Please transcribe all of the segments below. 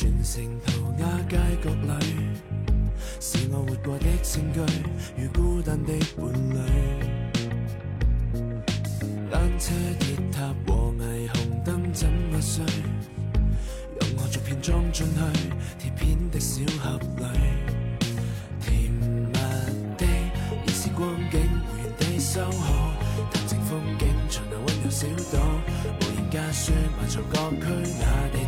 全城塗鴉街角裏，是我活過的證據，如孤單的伴侶。單車、鐵塔和霓虹燈怎麼碎？用我逐片裝進去，鐵片的小盒裏，甜蜜的兒時光景，無言地收好，淡情風景，長流溫柔小島，無言家雪埋藏各區雅地。那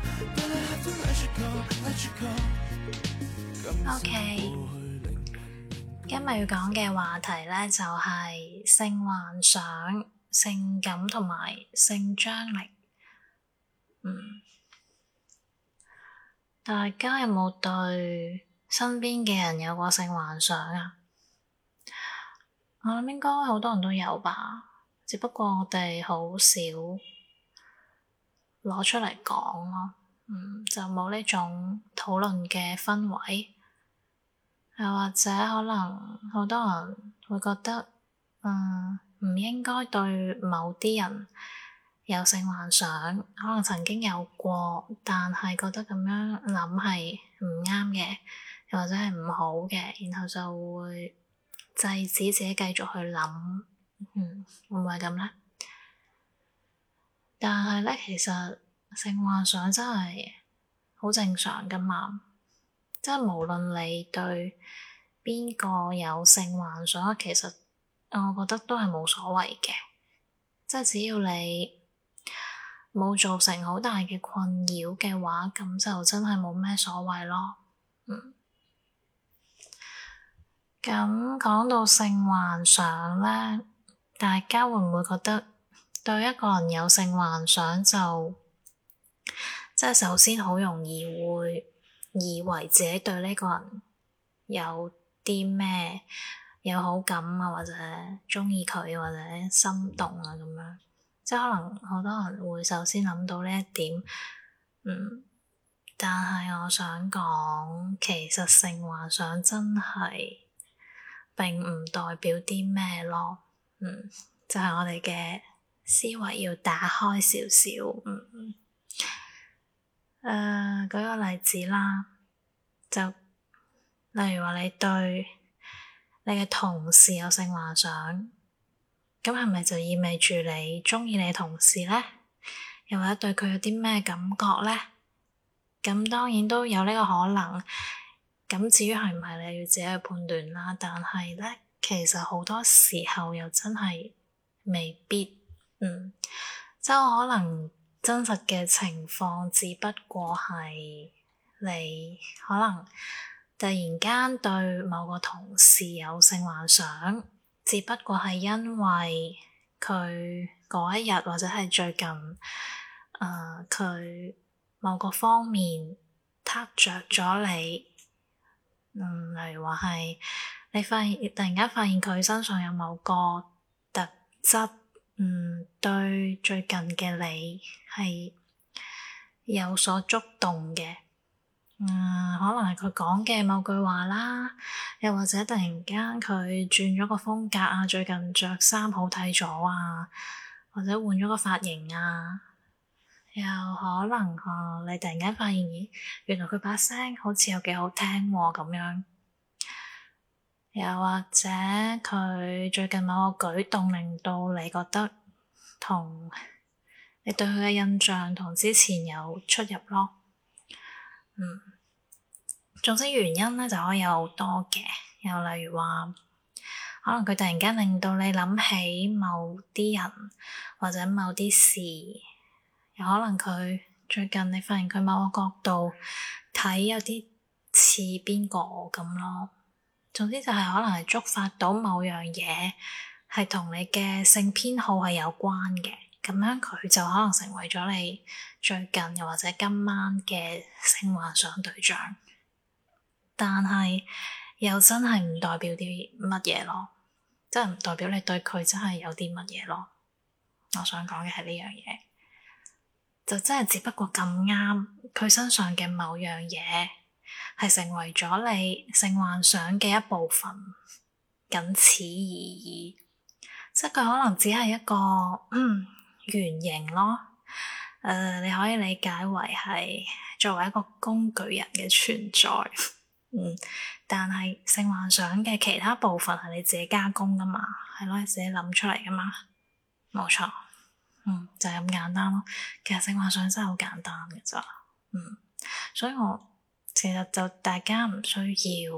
O.K. 今日要講嘅話題呢就係性幻想、性感同埋性張力。嗯，大家有冇對身邊嘅人有過性幻想啊？我諗應該好多人都有吧，只不過我哋好少攞出嚟講咯。就冇呢種討論嘅氛圍，又或者可能好多人會覺得，嗯，唔應該對某啲人有性幻想，可能曾經有過，但係覺得咁樣諗係唔啱嘅，又或者係唔好嘅，然後就會制止自己繼續去諗，嗯，會唔會係咁咧？但係咧，其實，性幻想真係好正常噶嘛，即係無論你對邊個有性幻想，其實我覺得都係冇所謂嘅，即係只要你冇造成好大嘅困擾嘅話，咁就真係冇咩所謂咯。嗯，咁講到性幻想咧，大家會唔會覺得對一個人有性幻想就？即係首先，好容易會以為自己對呢個人有啲咩有好感啊，或者鍾意佢，或者心動啊咁樣。即係可能好多人會首先諗到呢一點。嗯，但係我想講，其實性幻想真係並唔代表啲咩咯。嗯，就係我哋嘅思維要打開少少。嗯。誒、uh, 舉個例子啦，就例如話你對你嘅同事有性幻想，咁係咪就意味住你中意你嘅同事咧？又或者對佢有啲咩感覺咧？咁當然都有呢個可能，咁至於係唔係你要自己去判斷啦。但係咧，其實好多時候又真係未必，嗯，即係我可能。真實嘅情況，只不過係你可能突然間對某個同事有性幻想，只不過係因為佢嗰一日或者係最近，誒、呃、佢某個方面撻着咗你。嗯，例如話係你發現突然間發現佢身上有某個特質，嗯，對最近嘅你係有所觸動嘅，嗯，可能係佢講嘅某句話啦，又或者突然間佢轉咗個風格啊，最近着衫好睇咗啊，或者換咗個髮型啊，又可能啊，你突然間發現咦，原來佢把聲好似又幾好聽喎咁樣。又或者佢最近某個舉動令到你覺得同你對佢嘅印象同之前有出入咯，嗯，總之原因呢就可以有好多嘅，又例如話可能佢突然間令到你諗起某啲人或者某啲事，又可能佢最近你發現佢某個角度睇有啲似邊個咁咯。總之就係可能係觸發到某樣嘢，係同你嘅性偏好係有關嘅，咁樣佢就可能成為咗你最近又或者今晚嘅性幻想對象。但係又真係唔代表啲乜嘢咯，真係唔代表你對佢真係有啲乜嘢咯。我想講嘅係呢樣嘢，就真係只不過咁啱佢身上嘅某樣嘢。係成為咗你性幻想嘅一部分，僅此而已。即佢可能只係一個嗯原型咯，誒、呃，你可以理解為係作為一個工具人嘅存在，嗯。但係性幻想嘅其他部分係你自己加工噶嘛，係咯，你自己諗出嚟噶嘛，冇錯，嗯，就係、是、咁簡單咯。其實性幻想真係好簡單噶咋，嗯，所以我。其實就大家唔需要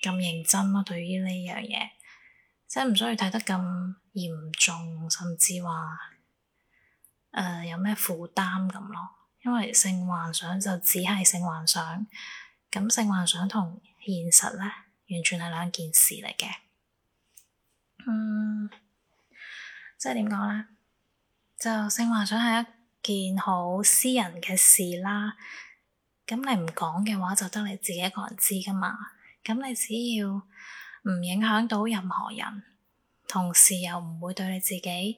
咁認真咯，對於呢樣嘢，即係唔需要睇得咁嚴重，甚至話誒、呃、有咩負擔咁咯。因為性幻想就只係性幻想，咁性幻想同現實咧，完全係兩件事嚟嘅。嗯，即係點講咧？就性幻想係一件好私人嘅事啦。咁你唔講嘅話，就得你自己一個人知㗎嘛？咁你只要唔影響到任何人，同時又唔會對你自己，誒、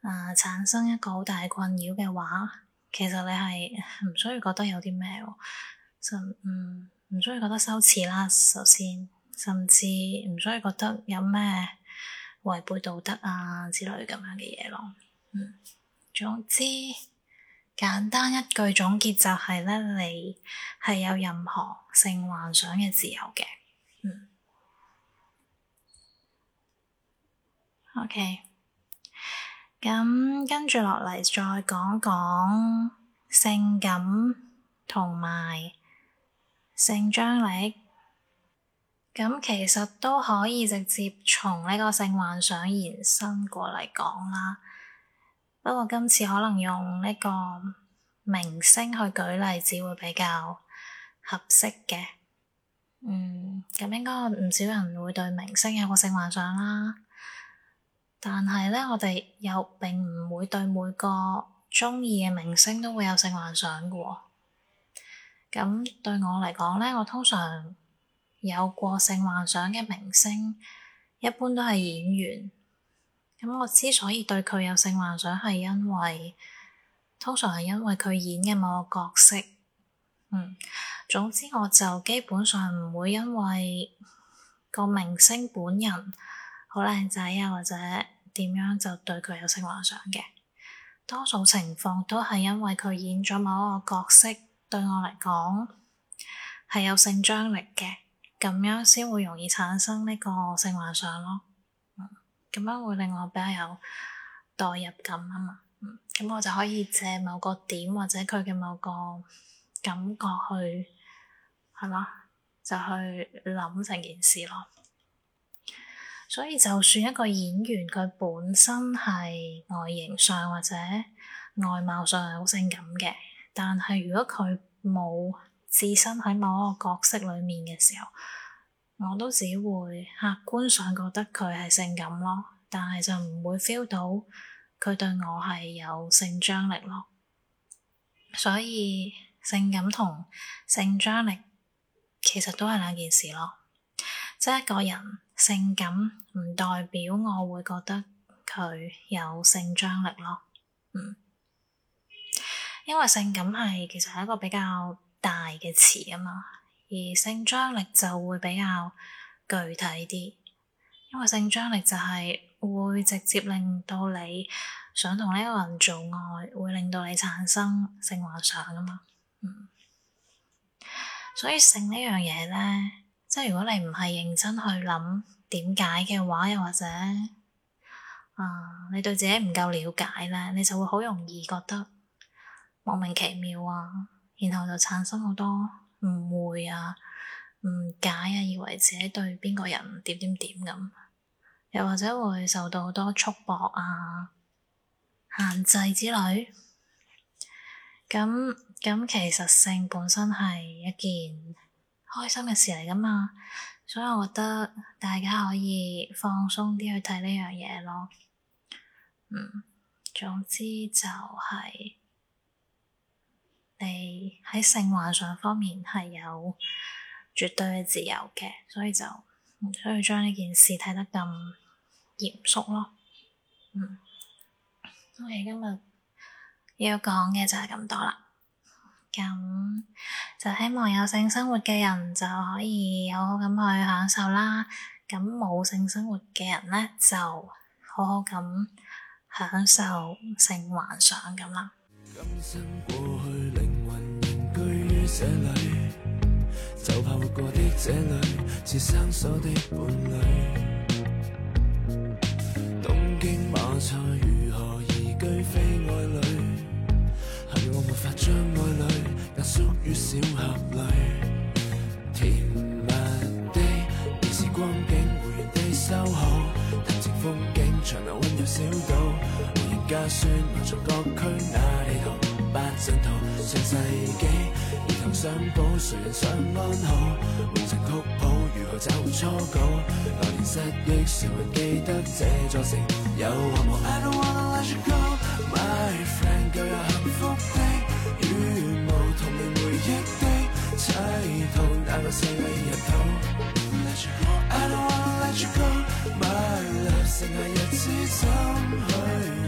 呃，產生一個好大困擾嘅話，其實你係唔需要覺得有啲咩，就唔唔、嗯、需要覺得羞恥啦。首先，甚至唔需要覺得有咩違背道德啊之類咁樣嘅嘢咯。嗯，總之。簡單一句總結就係咧，你係有任何性幻想嘅自由嘅，嗯。OK，咁跟住落嚟再講講性感同埋性張力，咁其實都可以直接從呢個性幻想延伸過嚟講啦。不過今次可能用呢個明星去舉例子會比較合適嘅，嗯，咁應該唔少人會對明星有過性幻想啦。但係咧，我哋又並唔會對每個鍾意嘅明星都會有性幻想嘅喎。咁對我嚟講咧，我通常有過性幻想嘅明星，一般都係演員。咁，嗯，我之所以對佢有性幻想，係因為通常係因為佢演嘅某個角色。嗯，總之我就基本上唔會因為個明星本人好靚仔啊，或者點樣就對佢有性幻想嘅。多數情況都係因為佢演咗某個角色，對我嚟講係有性張力嘅，咁樣先會容易產生呢個性幻想咯。咁樣會令我比較有代入感啊嘛，咁我就可以借某個點或者佢嘅某個感覺去，係咯，就去諗成件事咯。所以就算一個演員，佢本身係外形上或者外貌上係好性感嘅，但係如果佢冇置身喺某一個角色裏面嘅時候，我都只會客觀上覺得佢係性感咯，但係就唔會 feel 到佢對我係有性張力咯。所以性感同性張力其實都係兩件事咯，即係一個人性感唔代表我會覺得佢有性張力咯。嗯，因為性感係其實係一個比較大嘅詞啊嘛。而性張力就會比較具體啲，因為性張力就係會直接令到你想同呢個人做愛，會令到你產生性幻想吖嘛。嗯，所以性呢樣嘢咧，即係如果你唔係認真去諗點解嘅話，又或者啊，你對自己唔夠了解咧，你就會好容易覺得莫名其妙啊，然後就產生好多。唔會啊，唔解啊，以為自己對邊個人點點點咁，又或者會受到好多束縛啊、限制之類。咁咁，其實性本身係一件開心嘅事嚟噶嘛，所以我覺得大家可以放鬆啲去睇呢樣嘢咯。嗯，總之就係、是。係喺性幻想方面係有絕對嘅自由嘅，所以就唔需要將呢件事睇得咁嚴肅咯。嗯，我哋今日要講嘅就係咁多啦。咁、嗯、就希望有性生活嘅人就可以有好好咁去享受啦。咁、嗯、冇性生活嘅人咧，就好好咁享受性幻想咁啦。這裏就怕活過的這裏似生疏的伴侶，東京馬賽如何移居非愛侶，係我沒法將愛侶壓縮於小盒裏，甜蜜的別是光景，回原地修好，淡靜風景長流溫柔小島，而家算埋在各區大堂。信徒上世紀，兒童相簿，誰人想安好？完整曲譜如何找回初稿？來年失憶，誰還記得這座城有何夢？I don't wanna let you go, my friend，舊有幸福的與無童年回憶地，悽痛帶過歲月人頭。I don't wanna let you go, my love，剩下日子怎去？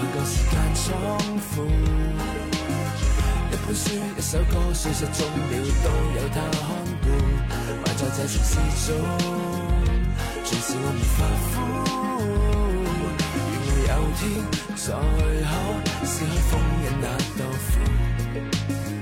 那個時間倉庫，一本書，一首歌，碎石鐘表都有它看顧。埋在這城市中，城市我而發膚，願我有天再可使封印那道符。